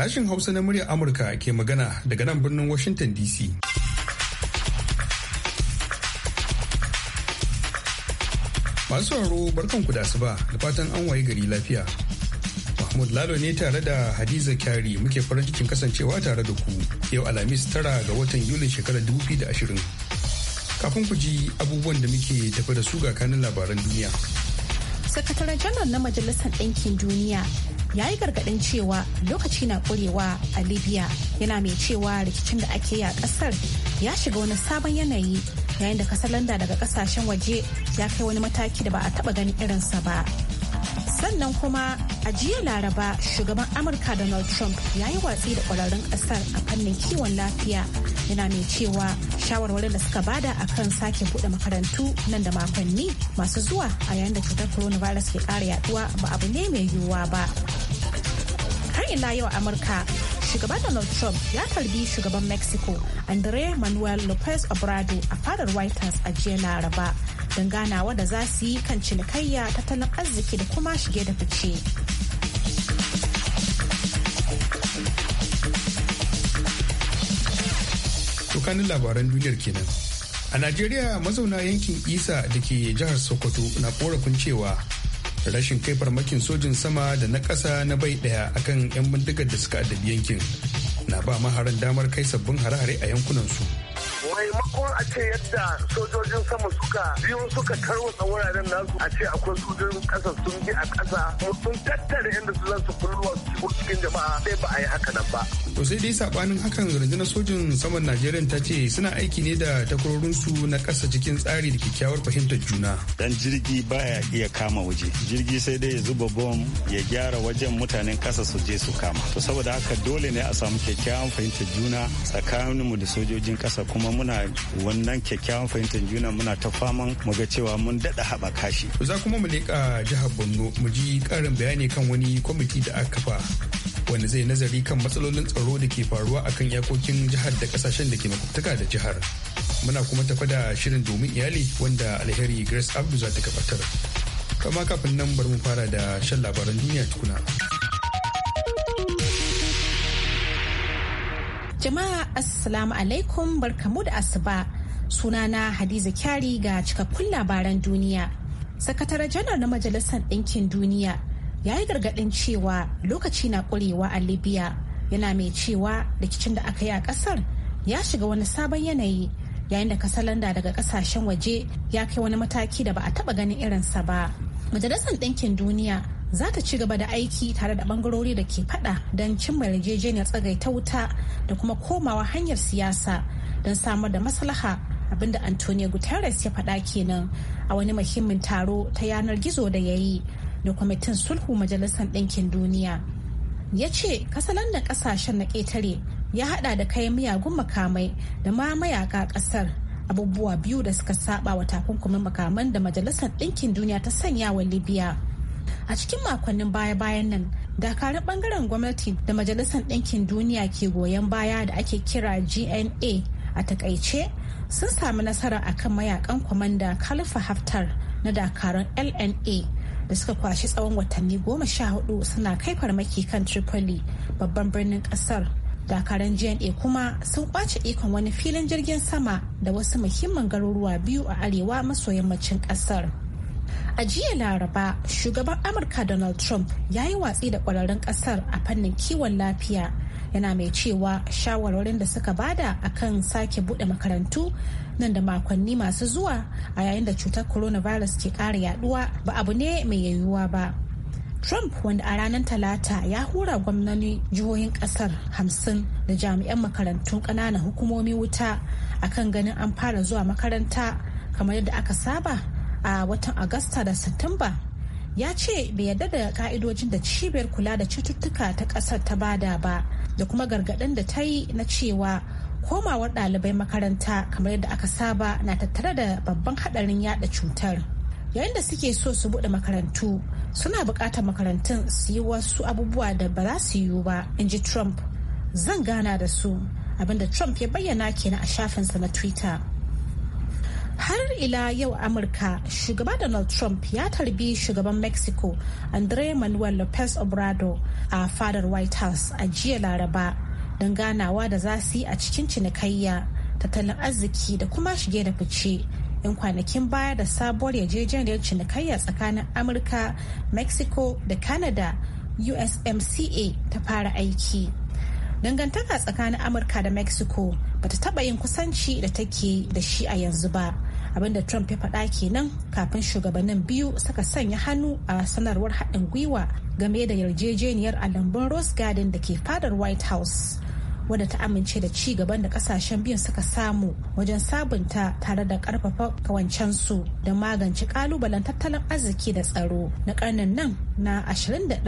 sashen Hausa na muryar Amurka ke magana daga nan birnin Washington DC. Masu sauraro ku da asuba da fatan an waye gari lafiya. Mahmud Lalo ne tare da Hadiza Kyari muke farin cikin kasancewa tare da ku yau Alhamis tara ga watan Yulin shekarar ashirin. Kafin ku ji abubuwan da muke tafi da su ga kanin labaran duniya. sakataren janar na majalisar ɗinkin duniya ya yi gargaɗin cewa lokaci na ƙurewa a libya yana mai cewa rikicin da ake yi a ƙasar ya shiga wani sabon yanayi yayin da kasalanda daga ƙasashen waje ya kai wani mataki da ba a taɓa ganin irinsa ba sannan kuma a jiya laraba shugaban amurka donald trump ya yi watsi da ƙwararrun ƙasar a fannin kiwon lafiya yana mai cewa shawarwarin da suka bada a kan sake bude makarantu nan da makonni masu zuwa a yayin da cutar coronavirus ke kara yaduwa ba abu ne mai yiwuwa ba har ila yau amurka shugaban donald trump ya karbi shugaban mexico andre manuel lopez obrado a fadar white house a jiya laraba don ganawa da za su yi kan cinikayya tattalin arziki da kuma shige da fice kanin labaran duniyar kenan. A Najeriya mazauna yankin Isa da ke jihar Sokoto na korafin cewa rashin kai farmakin sojin sama da na ƙasa na bai ɗaya akan 'yan bindigar da suka addabi yankin na ba maharan damar kai sabbin hare-hare a yankunansu. maimakon a ce yadda sojojin sama suka biyu suka tarwatsa wuraren nasu a ce akwai sojojin ƙasa sun bi a ƙasa sun tattare inda su zasu su kulluwa su cikin jama'a sai ba a yi haka nan ba. to sai dai sabanin hakan rundunar sojin saman najeriya ta ce suna aiki ne da takwarorinsu na ƙasa cikin tsari da kyakkyawar fahimtar juna dan jirgi baya iya kama waje jirgi sai dai ya zuba bom ya gyara wajen mutanen ƙasa su je su kama to saboda haka dole ne a samu kyakkyawan fahimtar juna tsakaninmu da sojojin ƙasa kuma muna wannan kyakkyawan fahimtar juna muna ta faman mu ga cewa mun daɗa haɓaka shi za kuma mu leƙa jihar borno mu ji ƙarin bayani kan wani kwamiti da aka kafa wanda zai nazari kan matsalolin tsaro da ke faruwa a kan iyakokin jihar da kasashen da ke makwabtaka da jihar muna kuma tafa da shirin domin iyali wanda alheri grace abdu za ta gabatar kama kafin nan bari mu fara da shan labaran duniya tukuna jama'a assalamu alaikum barkamu da asuba sunana hadiza kyari ga cikakkun labaran duniya sakatare janar na majalisar ɗinkin duniya ya yi gargaɗin cewa lokaci na ƙurewa a libya yana mai cewa rikicin da aka yi a ƙasar ya shiga wani sabon yanayi yayin da kasalanda daga ƙasashen waje ya kai wani mataki da ba a taɓa ganin irinsa ba majalisar ɗinkin duniya za ta ci gaba da aiki tare da bangarori da ke faɗa don cimma yarjejeniyar tsagaita wuta da kuma komawa hanyar siyasa don samar da maslaha abinda antonio guterres ya faɗa kenan a wani muhimmin taro ta yanar gizo da ya yi da kwamitin sulhu majalisar ɗinkin duniya ya ce kasalan da ƙasashen na ƙetare ya hada da kai miyagun makamai da ma mayaka ƙasar abubuwa biyu da suka saba wa takunkumin makaman da majalisar ɗinkin duniya ta sanya wa libya a cikin makonnin baya-bayan nan dakarun bangaren gwamnati da majalisar ɗinkin duniya ke goyon baya da ake kira gna a takaice sun sami nasara akan mayakan kwamanda kalifa haftar na dakarun lna da suka kwashi tsawon watanni goma sha hudu suna kai farmaki kan tripoli babban birnin kasar dakaran jna kuma sun kwace ikon wani filin jirgin sama da wasu muhimman garuruwa biyu a arewa maso yammacin kasar a jiya laraba shugaban amurka donald trump ya yi watsi da kwararrun kasar a fannin kiwon lafiya yana mai cewa shawarwarin da suka bada akan sake bude makarantu nan da makonni masu zuwa a yayin da cutar coronavirus ke ƙara yaduwa ba abu ne mai yayuwa ba Trump wanda a ranar Talata ya hura gwamnani jihohin kasar hamsin da jami'an makarantun ƙananan hukumomi wuta akan ganin an fara zuwa makaranta kamar yadda aka saba a watan Agusta da Satumba. Ya ce bai yarda da ka'idojin da cibiyar kula da cututtuka ta kasar ta bada ba da kuma gargaɗin da ta yi na cewa komawar dalibai makaranta kamar yadda aka saba na tattare da babban hadarin yada cutar yayin da suke so su buɗe makarantu suna buƙatar makarantun su yi wasu abubuwa da ba za su yiwu ba in ji trump zan gana da su abinda trump ya bayyana kenan a shafinsa na twitter har ila yau amurka shugaba donald trump ya tarbi shugaban mexico andre manuel lopez obrador a fadar white house a jiya laraba don ganawa da za su yi a cikin cinikayya tattalin arziki da kuma shige da fice in kwanakin baya da sabuwar yarjejeniyar cinikayya tsakanin amurka mexico da canada usmca ta fara aiki dangantaka tsakanin amurka da mexico bata taba yin kusanci da take da shi a yanzu ba abinda trump ya faɗa kenan kafin shugabannin biyu suka sanya hannu a sanarwar haɗin gwiwa game da yarjejeniyar a lambun rose garden da ke fadar white house wadda ta amince da ci gaban da kasashen biyun suka samu wajen sabunta tare da karfafa kawancensu da magance kalubalen tattalin arziki da tsaro na karnin nan na 21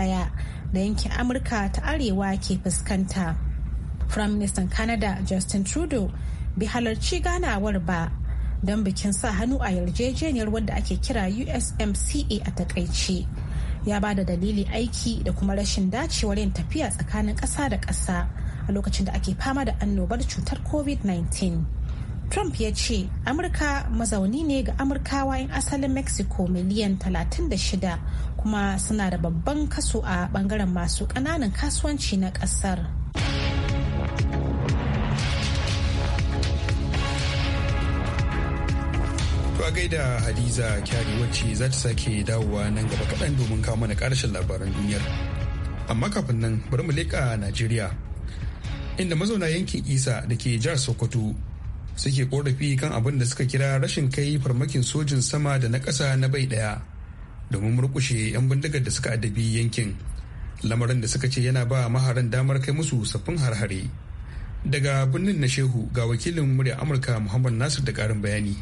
da yankin amurka ta arewa ke fuskanta prime firaministan canada justin trudeau bai halarci ganawar ba don bikin sa hannu a yarjejeniyar wadda ake kira usmca a takaice ya ba da dalili aiki da kuma rashin dacewar yin tafiya tsakanin ƙasa da ƙasa a lokacin da ake fama da annobar cutar covid-19 trump ya ce amurka mazauni ne ga amurkawa in asalin mexico miliyan 36 kuma suna da babban kaso a bangaren masu kananan kasuwanci na kasar. To a gaida Hadiza Kyari wacce za ta sake dawowa nan gaba kaɗan domin kawo mana ƙarshen labaran duniyar. Amma kafin nan bari mu leƙa Najeriya. inda mazauna yankin isa da ke jihar sokoto suke korafi kan abin da suka kira rashin kai farmakin sojin sama da na ƙasa na bai ɗaya domin murkushe 'yan bindigar da suka addabi yankin lamarin da suka ce yana ba maharan damar kai musu sabbin harhare daga birnin na shehu ga wakilin murya amurka muhammad nasir da ƙarin bayani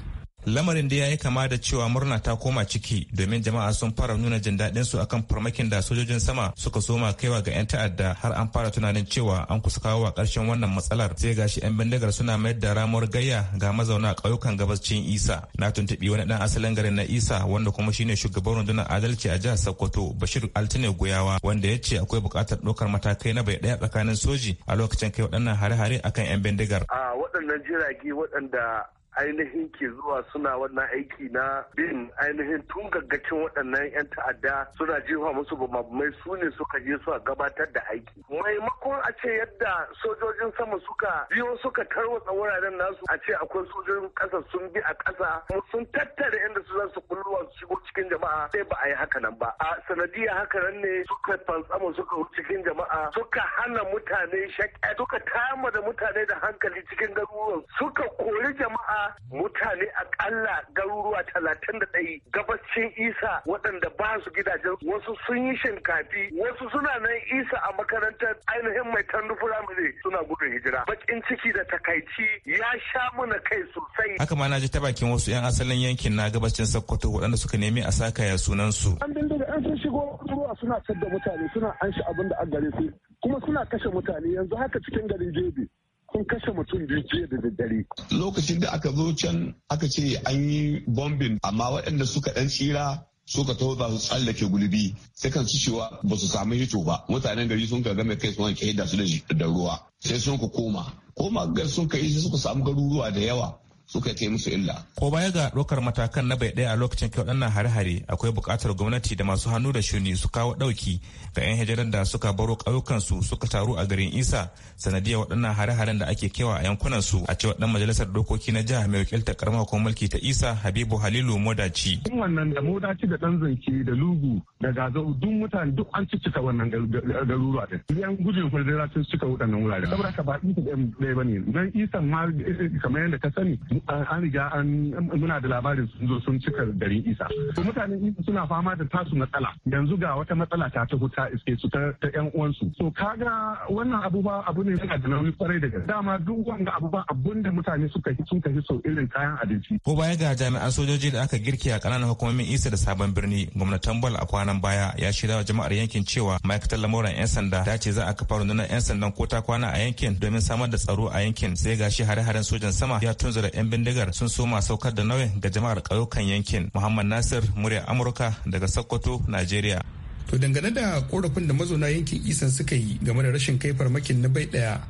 lamarin da ya yi kama da cewa murna ta koma ciki domin jama'a sun fara nuna jin daɗin su akan farmakin da sojojin sama suka soma kaiwa ga 'yan ta'adda har an fara tunanin cewa an kusa kawo wa ƙarshen wannan matsalar sai gashi 'yan bindigar suna mayar da ramuwar gayya ga mazauna ƙauyukan gabashin isa na tuntuɓi wani ɗan asalin garin na isa wanda kuma shine shugaban rundunar adalci a jihar sokoto bashir altine goyawa wanda ya ce akwai buƙatar ɗaukar matakai na bai ɗaya tsakanin soji a lokacin kai waɗannan hare-hare akan 'yan bindigar. a waɗannan jirage waɗanda ainihin ke zuwa suna wannan aiki na bin ainihin tun gaggacin waɗannan 'yan ta'adda suna jefa musu bamamai su ne suka je suka gabatar da aiki maimakon a ce yadda sojojin sama suka biyo suka tarwatsa wuraren nasu a ce akwai sojojin ƙasa sun bi a ƙasa sun tattara inda su za su kulluwa su shigo cikin jama'a sai ba a yi haka nan ba a sanadiyar haka nan ne suka fantsama suka cikin jama'a suka hana mutane shakka suka tama da mutane da hankali cikin garuruwan suka kori jama'a mutane a akalla garuruwa talatin da ɗaya gabacin isa waɗanda ba su gidajen wasu sun yi shinkafi wasu suna nan isa a makarantar ainihin mai firamare suna gudun hijira bakin ciki da takaici ya sha mana kai sosai haka ma na ji ta bakin wasu yan asalin yankin na gabacin sokoto waɗanda suka nemi a saka ya sunan su an dindiga an sun shigo ruwa suna sadda mutane suna an shi abin da an gare su kuma suna kashe mutane yanzu haka cikin garin jebe Kun kashe mutum biyu jiya da daddare. Lokacin da aka zo can aka ce an yi bombin amma waɗanda suka ɗan tsira suka taho ba su tsallake gulbi sai kan su cewa ba su samu hito ba mutanen gari sun ka game kai sun wanke da su da ruwa sai sun ku koma koma gar sun yi sai suka samu garuruwa da yawa suka kai musu illa. Ko baya ga ɗaukar matakan na bai ɗaya a lokacin kyau ɗannan hare-hare akwai buƙatar gwamnati da masu hannu da shuni su kawo ɗauki ga 'yan hijiran da suka baro ƙauyukansu suka taru a garin Isa sanadiyar waɗannan hare-haren da ake kewa a yankunan su a cewa ɗan majalisar dokoki na jihar mai wakiltar karamar ko mulki ta Isa Habibu Halilu Modaci. Tun wannan da Modaci da ɗan zance da Lugu da Gazau duk mutane duk an cika wannan garuruwa ɗin. Yan gudun fulzira sun cika waɗannan wurare. Saboda ka ba Isa ɗaya ba ne. Nan Isa ma eh, eh, kamar yadda ka sani an riga an muna da labarin sun zo sun cika garin isa to mutanen isa suna fama da tasu matsala yanzu ga wata matsala ta tafi ta iske su ta yan uwansu to kaga wannan abubuwa abu ne yana da nauyi kwarai da gaske dama duk wanda abubuwa abun da mutane suka yi sun kashi sau irin kayan abinci ko baya ga jami'an sojoji da aka girke a kananan hukumomin isa da sabon birni gwamnatin bal a kwanan baya ya shirya wa jama'ar yankin cewa ma'aikatar lamuran yan sanda ta ce za a kafa rundunar yan sandan ko ta kwana a yankin domin samar da tsaro a yankin sai gashi hare-haren sojan sama ya tunzura yan bindigar sun soma saukar da nauyin ga jama'ar ƙauyukan yankin muhammad nasir murya amurka daga sokoto nigeria. to dangane da korafin da mazauna yankin isan suka yi game da rashin kai farmakin na bai daya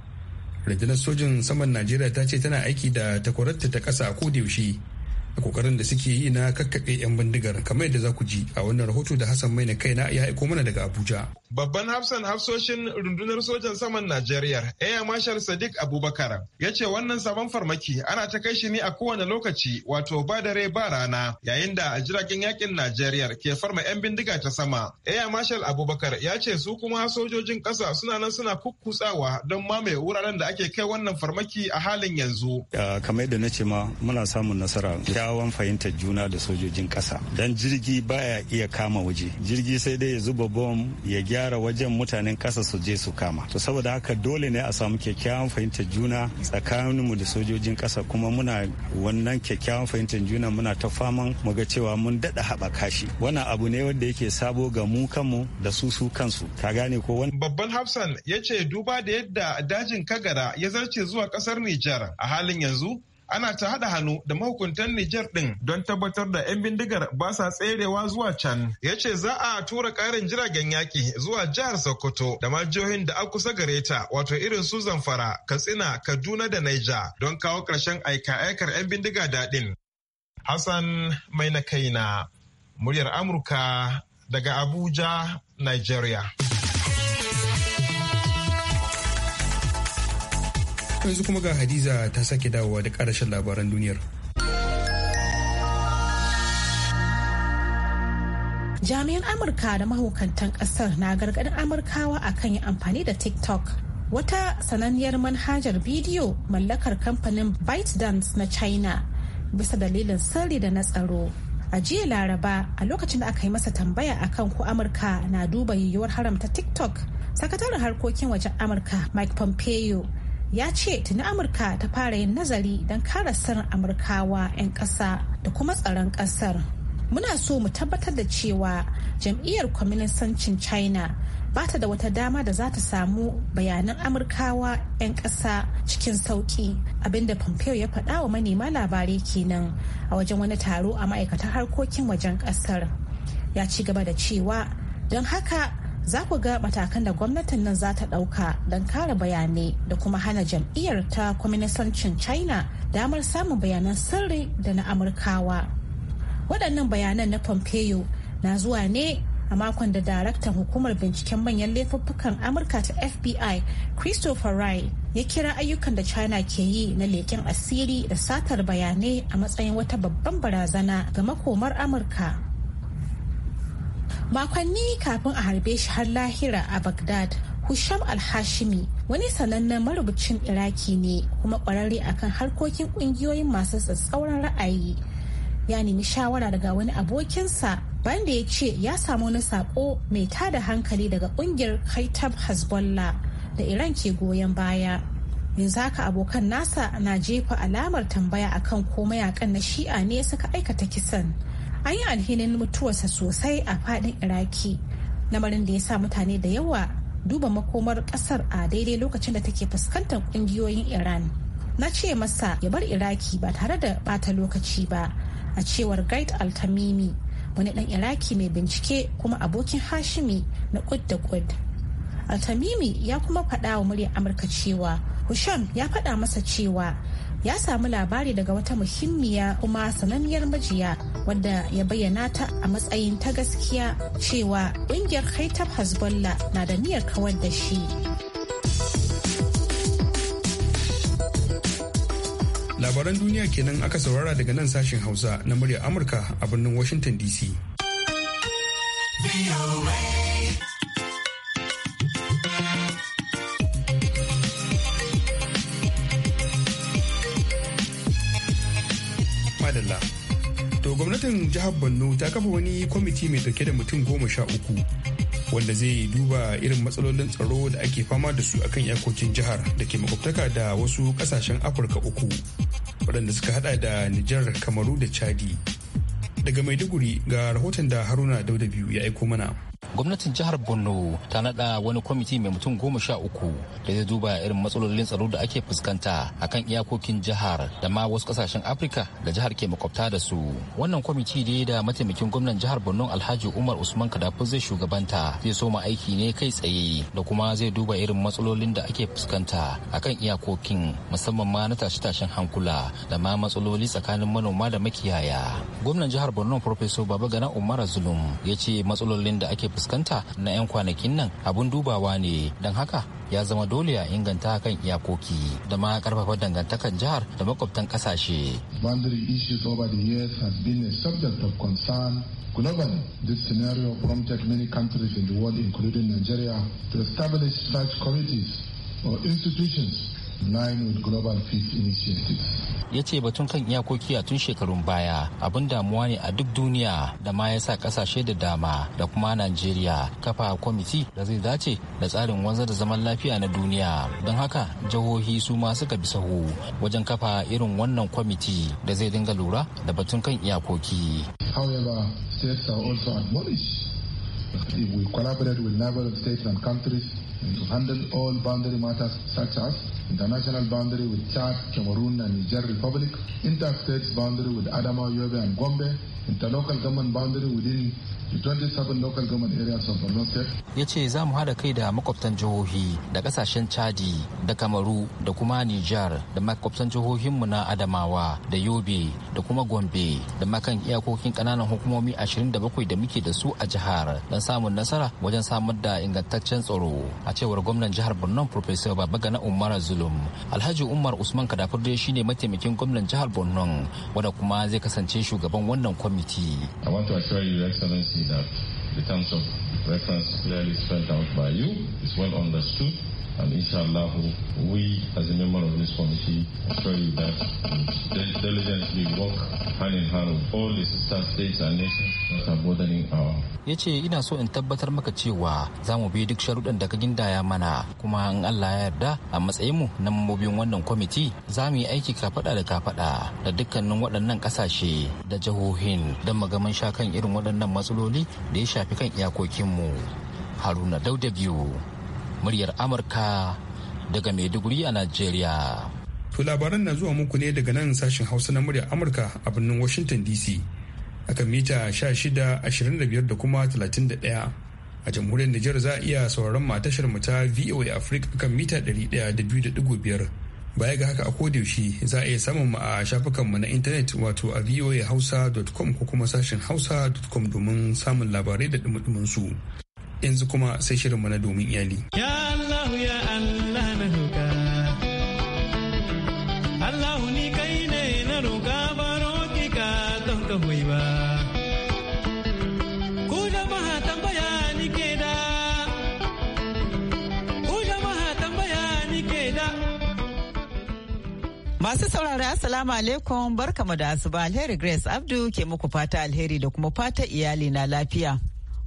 rundunar sojin saman najeriya ta ce tana aiki da takwararta ta kasa a yaushe a kokarin da suke yi na kakkaɓe 'yan bindigar kamar yadda za ku ji a wannan rahoto da hassan mai na kaina ya aiko mana daga abuja Babban hafsan hafsoshin rundunar sojan saman Najeriya, Air Marshal Sadiq Abubakar, ya ce wannan sabon farmaki ana ta kai shi ne a kowane lokaci wato ba dare ba rana yayin da jiragen yakin Najeriya ke farma 'yan bindiga ta sama. Air Marshal Abubakar ya ce su kuma sojojin ƙasa suna nan suna kukkutsawa don mamaye wuraren da ake kai wannan farmaki a halin yanzu. Kamar yadda na ce ma muna samun nasara kyawawan fahimtar juna da sojojin ƙasa. Dan jirgi baya iya kama waje. Jirgi sai dai ya zuba bom ya gyara gyara wajen mutanen kasa su je su kama to saboda haka dole ne a samu kyakkyawan fahimtar juna tsakaninmu da sojojin ƙasa kuma muna wannan kyakkyawan fahimtar juna muna ta faman mu ga cewa mun daɗa haɓaka shi wannan abu ne wanda yake sabo ga mu kanmu da su su kansu ka gane ko wani babban hafsan ya ce duba da yadda dajin kagara ya zarce zuwa ƙasar nijar a halin yanzu ana ta haɗa hannu da mahukuntan Nijar ɗin don tabbatar da 'yan bindigar ba sa tserewa zuwa can. Ya ce za a tura ƙarin jiragen yaƙi zuwa jihar Sokoto da ma da akusa kusa gare ta wato irin su Zamfara, Katsina, Kaduna da Naija don kawo ƙarshen aika-aikar 'yan bindiga daɗin. Hassan Mai na kaina, muryar Amurka daga Abuja, Nigeria. yanzu kuma ga hadiza ta sake dawowa da karashen labaran duniyar jami'an amurka da mahukantan kasar na gargadin amurkawa akan yi amfani da tiktok wata sananniyar manhajar bidiyo mallakar kamfanin ByteDance na china bisa dalilin sirri da na tsaro a jiya laraba a lokacin da aka yi masa tambaya akan ko amurka na duba yiwuwar haramta tiktok sakataren harkokin wajen amurka mike pompeo ya ce tuni amurka ta fara yin nazari don kare sirrin amurkawa 'yan ƙasa da kuma tsaron ƙasar muna so mu tabbatar da cewa jam'iyyar kwaminisancin china ba ta da wata dama da za ta samu bayanan amurkawa 'yan ƙasa cikin sauƙi abinda pompeo ya faɗa wa manema labarai kenan a wajen wani taro a ma'aikatar harkokin wajen ƙasar ya ci gaba da cewa don haka za ku ga matakan da gwamnatin nan za ta ɗauka don kare bayanai da kuma hana jam'iyyar ta kwaminisancin china damar samun bayanan sirri da na amurkawa waɗannan bayanan na pompeo na zuwa ne a makon da daraktan hukumar binciken manyan laifuffukan amurka ta fbi christopher rye ya kira ayyukan da china ke yi na leƙen asiri da satar bayanai a matsayin wata babban barazana ga makomar amurka makonni kafin a harbe shi har lahira a baghdad Husham al hashimi wani sanannen marubucin Iraki ne kuma kwararre akan harkokin kungiyoyin masu tsatsauran ra'ayi. Ya nemi shawara daga wani abokinsa banda ya ce ya samu wani sako mai tada hankali daga kungiyar Haitab Hezbollah da Iran ke goyon baya. Yanzu haka abokan nasa na jefa alamar tambaya akan ko mayakan na shi'a ne suka aikata kisan. an yi alhinin mutuwarsa sosai a fadin iraki lamarin da ya sa mutane da yawa duba makomar kasar a daidai lokacin da take fuskantar kungiyoyin iran na ce masa ya bar iraki ba tare da bata lokaci ba a cewar guide altamimi wani dan iraki mai bincike kuma abokin hashimi na kud da kud altamimi ya kuma faɗa wa muryar amurka cewa husham ya faɗa masa cewa ya samu labari daga wata muhimmiya kuma sananniyar majiya wadda ya bayyana ta a matsayin ta gaskiya cewa ƙungiyar haitab hezbollah na da niyyar kawar da shi labaran duniya kenan aka saurara daga nan sashen hausa na murya amurka a birnin washington dc gwamnatin jihar borno ta kafa wani kwamiti mai dauke da mutum goma sha uku wanda zai duba irin matsalolin tsaro da ake fama da su akan iyakokin jihar da ke makwabtaka da wasu kasashen afirka uku waɗanda suka hada da nijar kamaru da chadi daga maiduguri ga rahoton da haruna dauda biyu ya aiko mana gwamnatin jihar borno ta nada wani kwamiti mai mutum goma sha uku da zai duba irin matsalolin tsaro da ake fuskanta akan iyakokin jihar da ma wasu kasashen afirka da jihar ke makwabta da su wannan kwamiti dai da mataimakin gwamnan jihar borno alhaji umar usman kadafu zai shugabanta zai soma aiki ne kai tsaye da kuma zai duba irin matsalolin da ake fuskanta akan iyakokin musamman ma na tashe-tashen hankula da ma matsaloli tsakanin manoma da makiyaya gwamnan jihar borno Baba Gana umar zulum ya ce matsalolin da ake fuskanta na 'yan kwanakin nan abun dubawa ne don haka ya zama dole a inganta kan iyakoki da ma karfafa dangantakar jihar da makwabtan kasashe. Boundary issues over the years has been a subject of concern Globally, this scenario prompted many countries in the world, including Nigeria, to establish such committees or institutions line with global peace initiative ya ce batun kan iyakoki a tun shekarun baya abin damuwa ne a duk duniya da ma ya sa kasashe da dama da kuma najeriya kafa kwamiti da zai dace da tsarin wanzar da zaman lafiya na duniya don haka jihohi su ma suka bi sahu wajen kafa irin wannan kwamiti da zai dinga lura da batun kan iyakoki however states are also we collaborate with states and countries to handle all boundary matters such as international boundary with Chad, Cameroon, and Niger Republic, interstate boundary with Adama, Yobe, and Gombe, interlocal government boundary within Ya ce za mu haɗa kai da makwabtan jihohi da ƙasashen Chadi da Kamaru da kuma Nijar da makwabtan jihohinmu na Adamawa da Yobe da kuma Gombe da makan iyakokin ƙananan hukumomi 27 da muke da su a jihar don samun nasara wajen samar da ingantaccen tsaro. A cewar gwamnan jihar Borno Professor na Umar Zulum, Alhaji Umar Usman Kadafur dai shine mataimakin gwamnan jihar Borno wanda kuma zai kasance shugaban wannan kwami. committee. I want to assure you, Your Excellency, that the terms of reference clearly spelled out by you is well understood. And inshallah, we as a member of this committee assure you that diligently work hand in hand with all the sister states and nations that are bordering our ya ce ina so in tabbatar maka cewa za mu bi duk sharuɗan da ka gindaya mana kuma in Allah ya yarda a matsayin mu na mambobin wannan kwamiti za mu yi aiki kafaɗa da kafaɗa da dukkanin waɗannan ƙasashe da jihohin don magaman sha kan irin waɗannan matsaloli da ya shafi kan iyakokinmu haruna dauda biyu muryar amurka daga maiduguri a najeriya To labaran na zuwa muku ne daga nan sashen Hausa na muryar Amurka a birnin Washington DC. kan mita 1625 da kuma 31. A jamhuriyar Nijar za a iya sauraron tashar mu ta VOA Africa akan mita 100.5. Baya ga haka a kodayaushe za a iya samun mu a mu na intanet wato a voahausa.com ko kuma sashen hausa.com domin samun labarai da dumudumin su. Yanzu kuma sai shirin mu na domin iyali. Ya Allah ya Masu saurari Assalamu alaikum mu da asuba alheri Grace Abdu ke muku fata alheri da kuma fata iyali na lafiya.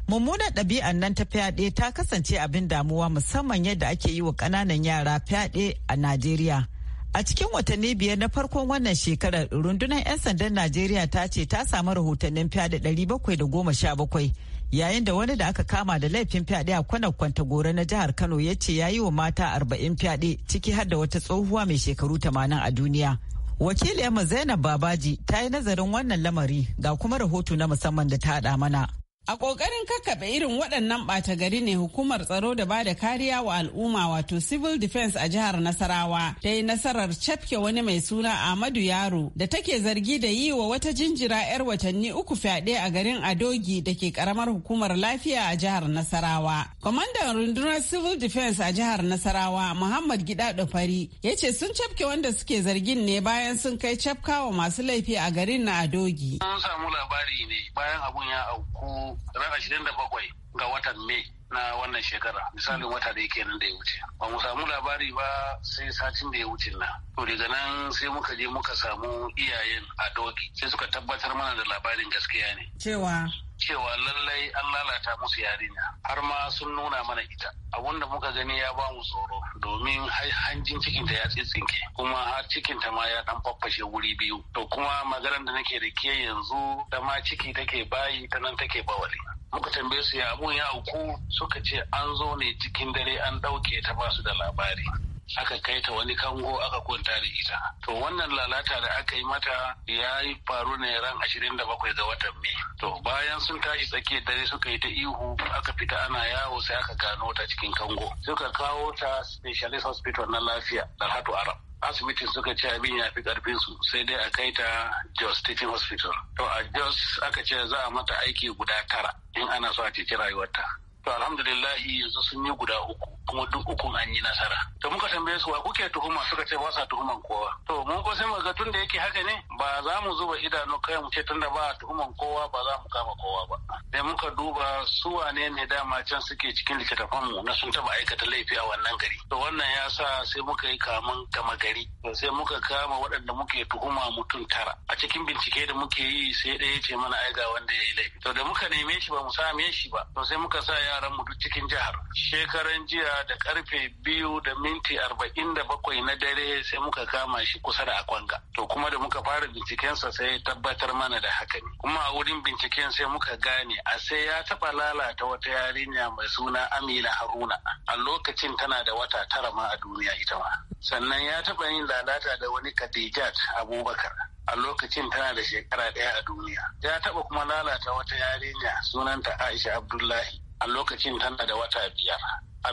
Mummunan ɗabi'an nan ta fyaɗe ta kasance abin damuwa musamman yadda ake yi wa ƙananan yara fyaɗe a Najeriya. A cikin watanni biyar na farkon wannan shekarar rundunar 'yan sandan Najeriya ta ce ta samu rahotannin fyaɗe bakwai. yayin da wani da aka kama da laifin fyaɗe a kwanan gora na jihar kano ya ce ya yi wa mata arba'in fyaɗe ciki har da wata tsohuwa mai shekaru tamanin a duniya wakiliyarmu zainab babaji ta yi nazarin wannan lamari ga kuma rahoto na musamman da ta haɗa mana A ƙoƙarin kakkaɓe irin waɗannan ɓata gari ne hukumar tsaro da ba da kariya wa al'umma wato civil defense a jihar Nasarawa ta yi nasarar cafke wani mai suna Ahmadu Yaro da take zargi da yi wa wata jinjira 'yar watanni uku fyaɗe a garin Adogi da ke ƙaramar hukumar lafiya a jihar Nasarawa. Kwamandan rundunar civil defense a jihar Nasarawa Muhammad Gida Fari ya ce sun cafke wanda suke zargin ne bayan sun kai cafkawa masu laifi a garin na Adogi. Mun samu labari ne bayan abun ya auku biyu ashirin da bakwai ga watan mai na wannan shekara misalin wata da yake nan da ya wuce ba mu samu labari ba sai satin da ya wuce na to daga nan sai muka je muka samu iyayen a doki sai suka tabbatar mana da labarin gaskiya ne cewa cewa lallai an lalata musu yarinya har ma sun nuna mana ita abun da muka gani ya ba mu tsoro domin hanjin cikinta ya tsitsinke kuma har cikinta ma ya dan faffashe wuri biyu to kuma maganar da nake da ke yanzu da ma ciki take bayi ta nan take bawali muka tambaye su ya abun ya auku suka ce an zo ne cikin dare an ɗauke ta basu da labari aka kai ta wani kango aka kwanta da ita to wannan lalata da aka yi mata ya yi faru ne ran ashirin da bakwai ga watan mai to bayan sun tashi tsakiyar dare suka yi ta ihu aka fita ana yawo sai aka gano ta cikin kango suka kawo ta specialist hospital na lafiya da hatu arab asibitin suka ce abin ya fi karfin su sai dai a kai ta jos teaching hospital to a jos aka ce za a mata aiki guda tara in ana so a ceci rayuwarta to alhamdulillahi yanzu sun yi guda uku kuma duk uku an yi nasara to muka tambaye su wa kuke tuhuma suka ce ba sa tuhuman kowa to mun ko sai ga tun da yake haka ne ba za mu zuba idanu kai mu ce tun da ba tuhuman kowa ba za mu kama kowa ba sai muka duba su wane ne dama can suke cikin littattafan mu na sun taba aikata laifi a wannan gari to wannan ya sa sai muka yi kamun kama gari sai muka kama waɗanda muke tuhuma mutum tara a cikin bincike da muke yi sai ɗaya ce mana ai ga wanda ya yi laifi to da muka neme shi ba mu same shi ba to sai muka sa ya yaran mu duk cikin jihar shekaran jiya da karfe biyu da minti arba'in da bakwai na dare sai muka kama shi kusa da akwanga to kuma da muka fara bincikensa sai tabbatar mana da haka ne kuma a wurin binciken sai muka gane a sai ya taba lalata wata yarinya mai suna amina haruna a lokacin tana da wata tara ma a duniya ita ma sannan ya taba yin lalata da wani kadijat abubakar a lokacin tana da shekara ɗaya a duniya ya taba kuma lalata wata yarinya sunanta aisha abdullahi a lokacin tana da wata biyar a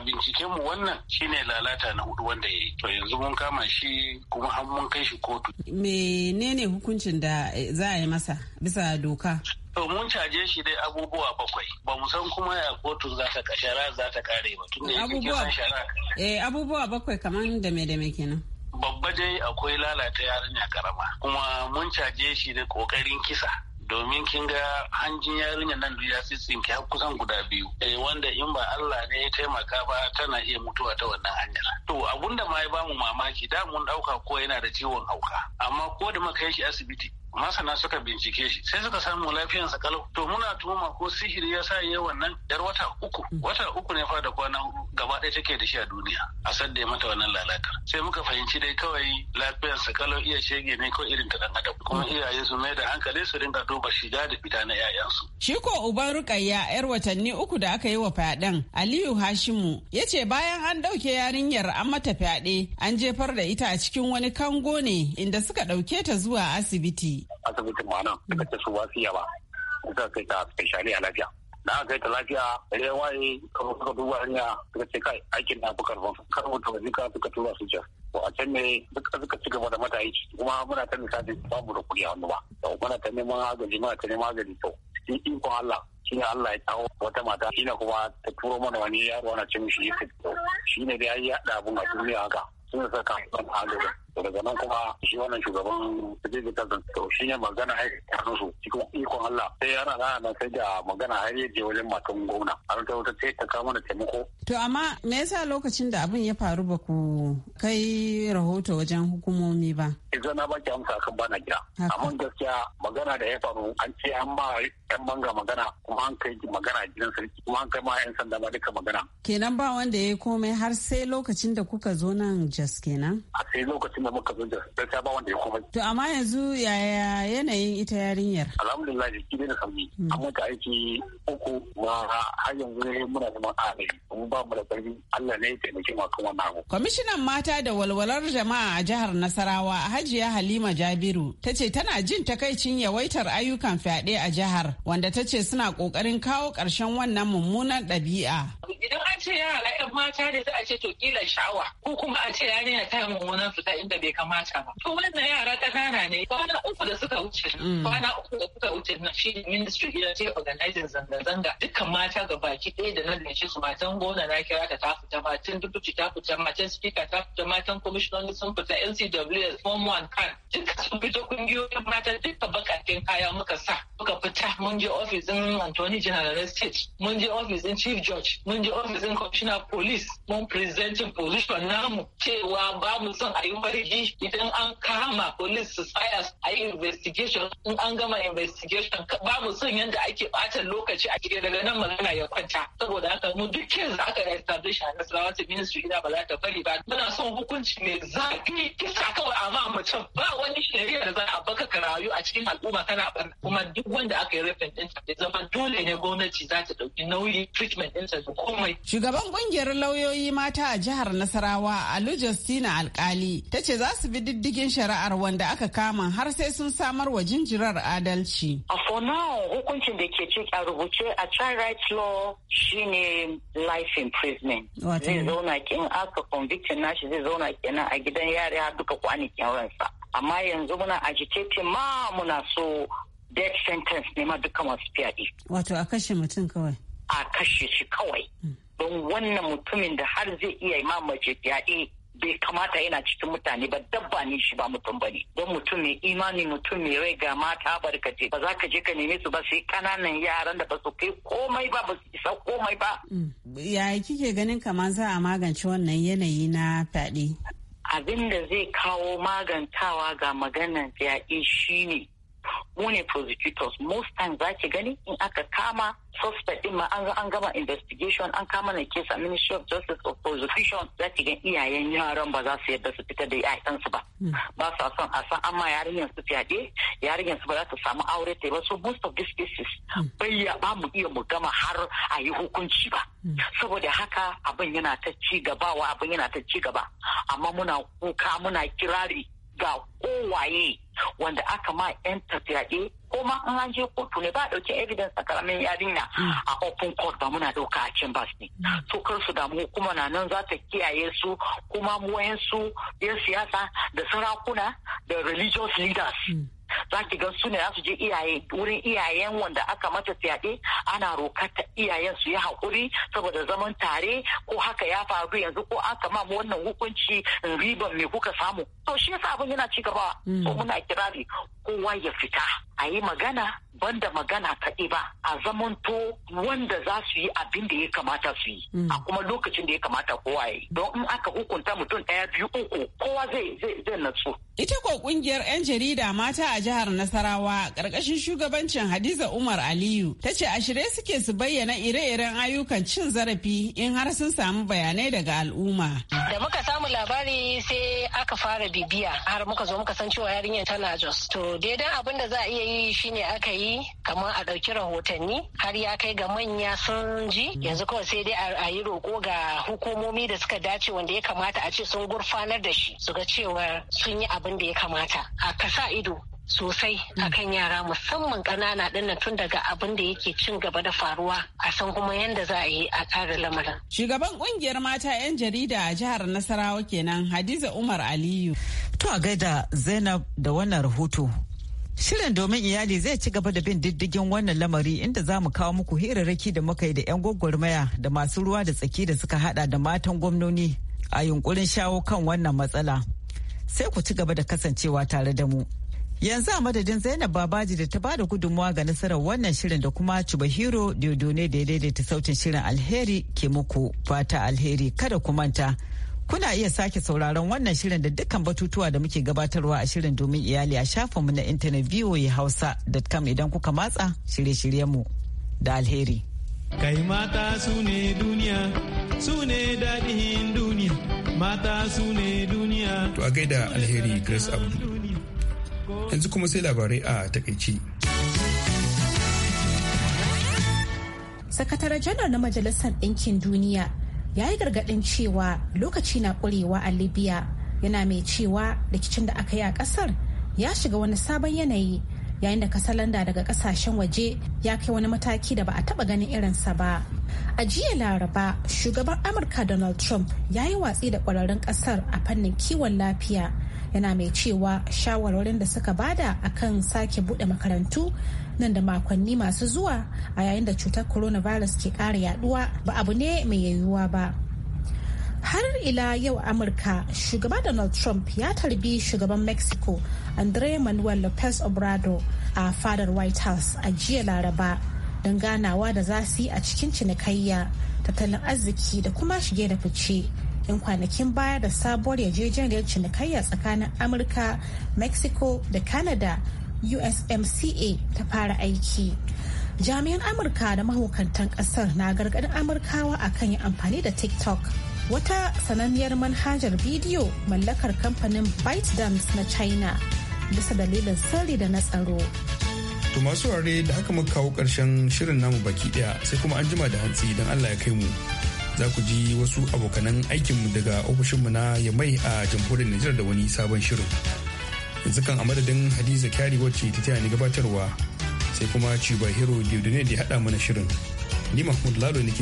mu wannan shine lalata na hudu wanda ya yi to yanzu mun kama shi kuma har mun kai shi kotu menene hukuncin da eh, za a yi masa bisa doka to mun caje shi dai abubuwa bakwai ba mu san kuma ya kotun za ta shara za ta kare ba tun da yake kisan shara eh abubuwa bakwai kaman da me da me kenan babba dai akwai lalata yarinya karama kuma mun caje shi da kokarin kisa domin kin ga hanjin yarinyar nan ya tsitsinke har kusan guda biyu eh wanda in ba Allah ne ya taimaka ba tana iya mutuwa ta wannan hanyar to abunda da ma ya bamu mamaki da mun dauka ko yana da ciwon hauka amma ko da muka kai shi asibiti masana suka bincike shi sai suka samu lafiyansa kalau to muna tuma ko sihiri ya sa yi wannan yar wata uku mm. wata uku ne fa da kwana gaba ɗaya take da shi a duniya a ya mata wannan lalatar sai muka fahimci dai kawai lafiyansa kalau iya shege ne ko irin ta dan adam kuma mm. iyaye su mai da hankali su dinga duba shiga da fita na yayansu shi ko uban rukayya yar watanni uku da aka yi wa fyaɗen aliyu hashimu ya ce bayan an ɗauke yarinyar an mata fyaɗe an jefar da ita a cikin wani kango ne inda suka ɗauke ta zuwa asibiti yi. Asibitin mu nan suka ce su wasu yawa suka kai ta speciali a lafiya. Da aka kai ta lafiya da waye kamar suka duba hanya suka ce kai aikin na fi karfin kar mutum zika suka tura su can. To a can ne suka suka ci gaba da mata aiki kuma muna ta misali babu da kuɗi a hannu ba. To muna ta neman agaji muna ta neman agaji to cikin ikon Allah shine Allah ya kawo wata mata shine kuma ta turo mana wani yaro ana ce mishi Yusuf. Shine dai ya haɗa abun a duniya haka. Sun saka a agaji. daga nan kuma shi wannan shugaban jirgin ta to shi ne magana ya kano su cikin ikon Allah sai yana na nan sai da magana har yi je wajen matan gona har ta wata sai ta kama da taimako. To amma me yasa lokacin da abin ya faru ba ku kai rahoto wajen hukumomi ba? Idan na baki amsa kan bana gida. Amma gaskiya magana da ya faru an ce an ba yan banga magana kuma an kai magana gidan sarki kuma an kai ma yan sanda ma duka magana. Kenan ba wanda ya yi komai har sai lokacin da kuka zo nan Jos A sai lokacin da da muka zo da gaskiya ba wanda ya komai. To amma yanzu yaya yanayin ita yarinyar? Alhamdulillah jiki ne da sauki. Mm. Amma ta aiki uku ma har yanzu ne muna neman agaji. Mun ba mu da ƙarfi Allah ne ya taimake mu kan wannan abu. Kwamishinan mata da walwalar jama'a a jihar Nasarawa Hajiya Halima Jabiru ta ce tana jin takaicin yawaitar ayyukan fyaɗe a jihar wanda ta ce suna ƙoƙarin kawo ƙarshen wannan mummunan ɗabi'a. Idan an ce yara 'yan mata ne za a ce to kila sha'awa ko kuma a ce yarinya ta mummunan fita in da bai kamata ba. To wannan yara ƙanana ne kwana uku da suka wuce. Mm. Kwana uku da suka wuce na shi ministry ya ce organizing zanga-zanga dukkan mata ga baki ɗaya da na gaishe su matan gona na kira ta ta fita matan dubuci ta fita matan speaker ta fita matan commissioner sun fita NCWS form one kan duka sun fito kungiyoyin mata duka bakakin kaya muka sa muka fita mun je ofisin Anthony General State mun je ofisin Chief Judge mun je ofisin Commissioner Police mun presenting position namu cewa ba mu son a yi zargin idan an kama police su tsaya a yi investigation in an gama investigation babu son yadda ake bata lokaci a cikin daga nan magana ya kwanta saboda haka mu duk za da aka establish a Nasarawa ta ministry ina ba za ta bari ba muna son hukunci mai zafi kisa kawai ma mutum ba wani shari'a da za a baka ka rayu a cikin al'umma kana barna kuma duk wanda aka yi rufin ɗinta ya zama dole ne gwamnati za ta ɗauki nauyi treatment ɗinta da komai. Shugaban kungiyar lauyoyi mata a jihar Nasarawa Alu Justina Alkali ta ce ce za su bi diddigin shari'ar wanda aka kama har sai sun samar wa jinjirar adalci. A for now hukuncin da ke ciki a rubuce a child rights law shine life imprisonment. Zai zauna kin aka convictin nashi zai zauna kenan a gidan yare har duka kwanakin ransa. Amma yanzu muna agitating ma muna so death sentence ne ma duka masu fyaɗe. Wato a kashe mutum kawai. A kashe shi kawai. Hmm. Don wannan mutumin da har zai iya ma mace fyaɗe bai kamata yana cikin mutane ba dabba ne shi ba mutum ba ne don mutum mai imani mutum mai rai ga mata barkace ba za ka je ka neme su ba sai kananan yaran da ba su kai komai ba ba su isa komai ba. Mm. ya kike ganin kamar za a magance wannan yanayi na fyaɗe. abin da zai kawo magantawa ga maganan fyaɗe shi ne. mu ne prosecutors most times za ki gani in aka kama suspect din ma an an gama investigation an kama na case a ministry of justice of prosecution za ki ga iyayen yaran ba za su yadda su fitar da iyayen su ba hmm. ba su san a san amma yarinyar su fyaɗe yarinyar su ba za su samu aure ta ba so most of these cases hmm. bai ya ba mu iya mu gama har a yi hukunci ba hmm. saboda haka abin yana ta ci gaba wa abin yana ta ci gaba amma muna kuka muna kirari ga kowaye wanda aka ma 'yan fyaɗe ko ma an an je kotu ne ba ɗauki evidence a karamin yarinya a open court ba muna ɗauka a can bas ne to kar su damu kuma na nan za ta kiyaye su kuma mu su 'yan siyasa da sarakuna da religious leaders za ki ga su ne za su je iyaye wurin iyayen wanda aka mata fyaɗe ana rokata iyayen su yi haƙuri saboda zaman tare ko haka ya faru yanzu ko aka ma wannan hukunci riban me kuka samu to shi yasa abin yana ci gaba ko hmm. muna kirari kowa ya fita a yi magana banda magana kaɗai ba a zaman to wanda za su yi abin da ya kamata su yi hmm. a kuma lokacin da ya kamata kowa ya yi don in aka hukunta mutum ɗaya biyu uku kowa zai zai natsu ita ko kungiyar 'yan jarida mata a a jihar Nasarawa ƙarƙashin shugabancin Hadiza Umar Aliyu ta ce a shirye suke su bayyana ire-iren ayyukan cin zarafi in har sun samu bayanai daga al'umma. Da muka samu labari sai aka fara bibiya har muka zo muka san cewa yarinyar tana Jos. To daidai abin da za a iya yi shine aka yi kamar a ɗauki rahotanni har ya kai ga manya sun ji yanzu kawai sai dai a yi roƙo ga hukumomi da suka dace wanda ya kamata a ce sun gurfanar da shi su ga cewa sun yi abin da ya kamata a sa ido sosai mm. a kan yara musamman ƙanana ɗinnan tun daga abin da yake cin gaba da faruwa a san kuma yadda za a yi a kare lamarin. Shugaban ƙungiyar mata 'yan jarida a jihar Nasarawa kenan Hadiza Umar Aliyu. To a gaida Zainab da wannan rahoto. Shirin domin iyali zai ci gaba da bin diddigin wannan lamari inda za mu kawo muku hirarraki da muka yi da 'yan gwagwarmaya da masu ruwa da tsaki da suka hada da matan gwamnoni a yunkurin shawo kan wannan matsala. Sai ku ci gaba da kasancewa tare da mu. Yanzu a madadin Zainab Babaji da ta bada gudunmawa ga nasarar wannan shirin da kuma Chubahiro Diodone da ya daidaita sautin shirin alheri ke muku fata alheri kada ku manta. Kuna iya sake sauraron wannan shirin da dukkan batutuwa da muke gabatarwa a shirin domin iyali a shafinmu na intanet hausa voahausa.com idan kuka matsa shirye-shiryenmu da alheri. Kai mata su ne duniya, su ne daɗin duniya, mata su ne duniya. To a gaida alheri Grace abdul. Yanzu kuma sai labarai a takaici. Sakataren janar na Majalisar Ɗinkin Duniya ya yi gargaɗin cewa lokaci na ƙurewa a Libya yana mai cewa rikicin da aka yi a ƙasar ya shiga wani sabon yanayi yayin da kasalanda daga kasashen waje ya kai wani mataki da ba a taɓa ganin irinsa ba a jiya laraba shugaban amurka donald trump ya yi watsi da ƙwararrun ƙasar a fannin kiwon lafiya yana mai cewa shawarwarin da suka bada akan sake bude makarantu nan da makonni masu zuwa a yayin da cutar coronavirus ke kara yaduwa ba abu ne mai yayuwa ba har ila yau amurka shugaba donald trump ya tarbi shugaban mexico andre manuel lopez obrador a fadar white house a jiya laraba don ganawa da za su yi a cikin cinikayya tattalin arziki da kuma shige da fice 'yan kwanakin baya da sabuwar yarjejeniyar cinikayya tsakanin amurka mexico da canada usmca ta fara aiki jami'an amurka da mahukantan kasar na gargadin amurkawa akan yin amfani da tiktok wata sananniyar manhajar bidiyo mallakar kamfanin ByteDance na china bisa dalilin sirri da na tsaro To masu ware da aka muka kawo ƙarshen shirin namu baki ɗaya sai kuma an jima da hantsi don Allah ya kai mu za ku ji wasu abokanan aikinmu daga ofishinmu na yamai a jamhuriyar Nijar da wani sabon shirin. Yanzu kan a madadin Hadiza Kyari wacce ta tana gabatarwa sai kuma Ciba Hero Diodone da ya haɗa mana shirin. Ni Mahmud Lalo nake